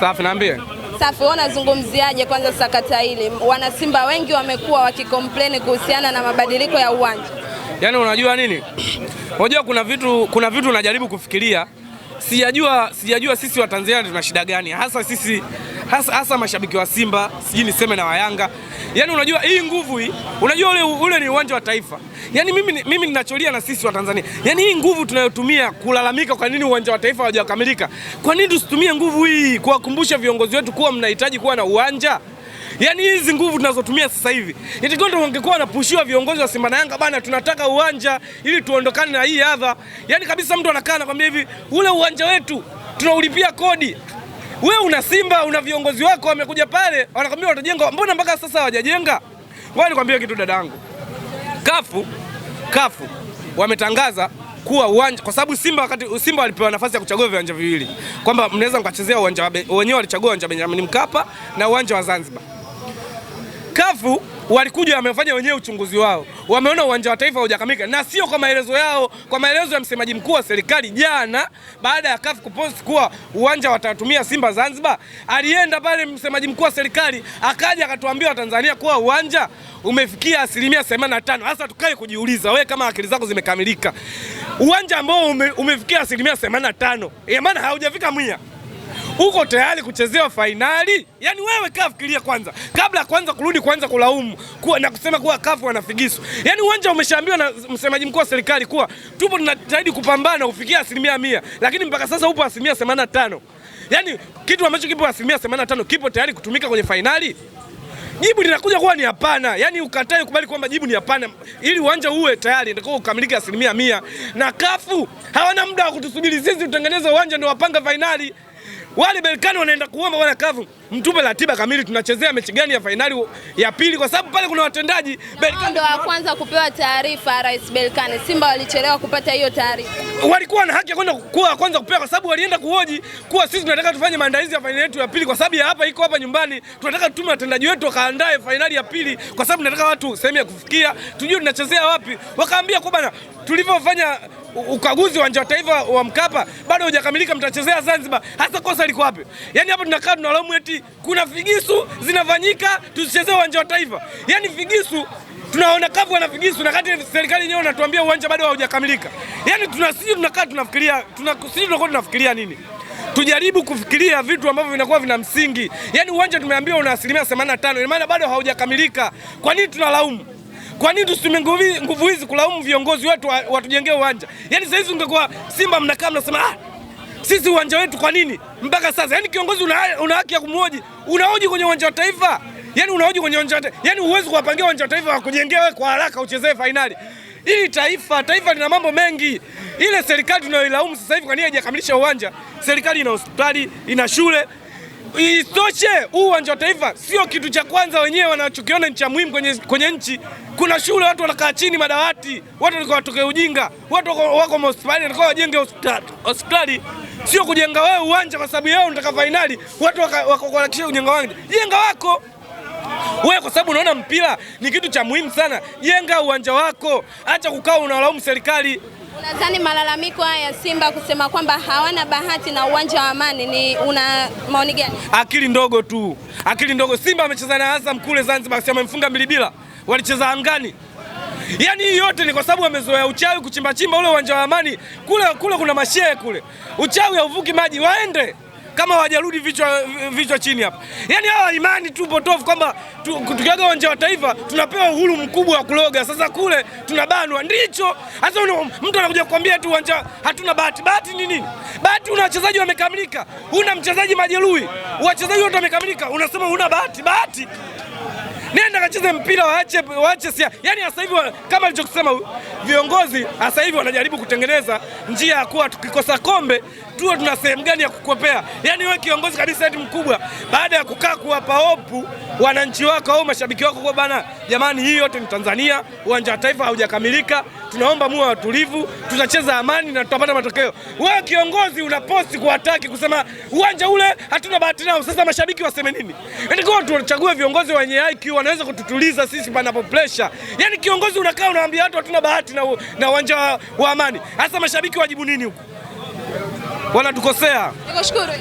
Safi, naambie Safi, wewe unazungumziaje kwanza sakata hili? Wanasimba wengi wamekuwa wakikomplain kuhusiana na mabadiliko ya uwanja. Yaani unajua nini? Unajua kuna vitu kuna vitu unajaribu kufikiria. Sijajua sijajua sisi Watanzania tuna shida gani hasa sisi hasa hasa mashabiki wa Simba, sijui niseme na Wayanga. Yaani unajua hii nguvu hii, unajua ule, ule ni uwanja wa Taifa. Yaani mimi, mimi ninacholia na sisi wa Tanzania, yaani hii nguvu tunayotumia kulalamika kwa nini uwanja wa Taifa haujakamilika, kwa nini tusitumie nguvu hii kuwakumbusha viongozi wetu kuwa mnahitaji kuwa na uwanja Yaani hizi nguvu tunazotumia sasa hivi itakiwa ndio wangekuwa wanapushiwa viongozi wa Simba na Yanga, bana, tunataka uwanja ili tuondokane na hii adha. Yaani kabisa mtu anakaa anakwambia hivi, ule uwanja wetu tunaulipia kodi, We una Simba una viongozi wako wamekuja pale wanakwambia watajenga, mbona mpaka sasa hawajajenga? Wewe nikwambie kitu dadangu, kafu kafu wametangaza kuwa uwanja kwa sababu Simba wakati Simba walipewa nafasi ya kuchagua viwanja viwili, kwamba mnaweza mkachezea uwanja wenyewe, walichagua uwanja Benjamin Mkapa na uwanja wa Zanzibar. Kafu walikuja wamefanya wenyewe uchunguzi wao, wameona uwanja wa taifa haujakamilika, na sio kwa maelezo yao, kwa maelezo ya msemaji mkuu wa serikali jana, baada ya CAF kupost kuwa uwanja watatumia Simba Zanzibar. Alienda pale msemaji mkuu wa serikali akaja akatuambia Watanzania kuwa uwanja umefikia asilimia 85. Sasa tukae kujiuliza, we kama akili zako zimekamilika, uwanja ambao ume, umefikia asilimia 85, maana haujafika mia uko tayari kuchezewa fainali? Yaani wewe kafikiria kwanza, kabla kwanza kurudi kwanza kulaumu kuwa, na kusema kuwa kafu wanafigisu. Yaani uwanja umeshaambiwa na msemaji mkuu wa serikali kuwa tupo tunajitahidi kupambana kufikia asilimia mia, lakini mpaka sasa upo asilimia tano. Yaani kitu ambacho kipo asilimia tano kipo tayari kutumika kwenye fainali? Jibu linakuja kuwa ni hapana. Yaani ukatae kubali kwamba jibu ni hapana. Ili uwanja uwe tayari ndio ukamilike asilimia mia, na kafu hawana muda wa kutusubiri sisi, tutengeneze uwanja ndio wapanga fainali wale Berkane wanaenda kuomba wala kavu mtupe ratiba kamili, tunachezea mechi gani ya fainali ya pili, kwa sababu pale kuna watendaji. ndio wa kwanza kupewa taarifa, Rais Belkane. Simba walichelewa kupata hiyo taarifa, walikuwa na haki ya kwenda kuwa wa kwanza kupewa, kwa sababu walienda kuhoji kuwa sisi tunataka tufanye maandalizi ya fainali yetu ya pili, kwa sababu ya hapa iko hapa nyumbani, tunataka tutume watendaji wetu wakaandae fainali ya pili, kwa sababu tunataka watu sehemu ya kufikia, tujue tunachezea wapi. Wakaambia kwa bana, tulivyofanya ukaguzi uwanja wa taifa wa Mkapa bado hujakamilika, mtachezea Zanzibar. Hasa kosa liko wapi? Yani hapa tunakaa tunalaumu eti kuna figisu zinafanyika, tuzichezee uwanja wa Taifa. Yani figisu tunaona kavu na figisu, na kati serikali yenyewe unatuambia uwanja bado haujakamilika. Yani tunasiji tunakaa tunafikiria tunasiji tunakuwa tunafikiria nini? Tujaribu kufikiria vitu ambavyo vinakuwa vina msingi. Yaani uwanja tumeambiwa una asilimia 85, ina maana bado haujakamilika. Kwa nini tunalaumu? Kwa nini tusitumie nguvu hizi kulaumu viongozi wetu watujengee uwanja? Yaani sasa hizi ungekuwa Simba mnakaa mnasema ah sisi uwanja wetu kwa nini mpaka sasa? Yani kiongozi una haki ya kumhoji, unahoji kwenye uwanja wa Taifa, yani unahoji kwenye uwanja wa yani huwezi kuwapangia uwanja wa Taifa wakujengea wewe kwa haraka uchezee fainali ili taifa taifa lina mambo mengi. Ile serikali tunayoilaumu sasa hivi kwa nini haijakamilisha uwanja? Serikali ina hospitali, ina shule Isitoshe, huu uwanja wa Taifa sio kitu cha kwanza, wenyewe wanachokiona ni cha muhimu kwenye, kwenye nchi. Kuna shule watu wanakaa chini madawati, watu walikuwa watoke ujinga, watu wako hospitali, walikuwa wajenge hospitali, sio kujenga wewe uwanja kwa sababu yeye unataka fainali, watu wako kuhakikisha ujenga wangu jenga wako wewe kwa sababu unaona mpira ni kitu cha muhimu sana, jenga uwanja wako, acha kukaa unalaumu serikali. Unadhani malalamiko haya Simba kusema kwamba hawana bahati na uwanja wa Amani ni una maoni gani? Akili ndogo tu, akili ndogo. Simba amecheza na Azam kule Zanzibar, si amemfunga bilibila, walicheza angani. Yaani hii yote ni kwa sababu wamezoea uchawi, kuchimbachimba ule uwanja wa Amani kule. Kule kuna mashee kule, uchawi hauvuki maji, waende kama wajarudi vichwa, vichwa chini hapa. Yaani hawa imani tu potofu kwamba tukiaga uwanja wa Taifa tunapewa uhuru mkubwa wa kuloga. Sasa kule tunabanwa, ndicho hasa mtu anakuja kukwambia tu uwanja hatuna bahati. Bahati ni nini? Bahati una wachezaji wamekamilika, una mchezaji majeruhi, wachezaji wote wamekamilika, unasema una bahati. Bahati nenda kacheze mpira, waache waache sia. Yani sasa hivi kama alichokusema viongozi, sasa hivi wanajaribu kutengeneza njia ya kuwa tukikosa kombe tuwe tuna sehemu gani ya kukopea Yani wewe kiongozi kabisa, eti mkubwa, baada ya kukaa kuwapa hopu wananchi wako au mashabiki wako kwa bana, jamani, hii yote ni Tanzania, uwanja wa taifa haujakamilika, tunaomba muwe watulivu, tutacheza amani na tutapata matokeo. Wewe kiongozi unaposti kuwataki kusema uwanja ule hatuna bahati nao, sasa mashabiki waseme nini? Yaani kwa tuchague viongozi wenye IQ wanaweza kututuliza sisi panapo pressure. Yani kiongozi unakaa unaambia watu hatuna bahati na, na uwanja wa, wa amani, hasa mashabiki wajibu nini huko? Wanatukosea. Nikushukuru.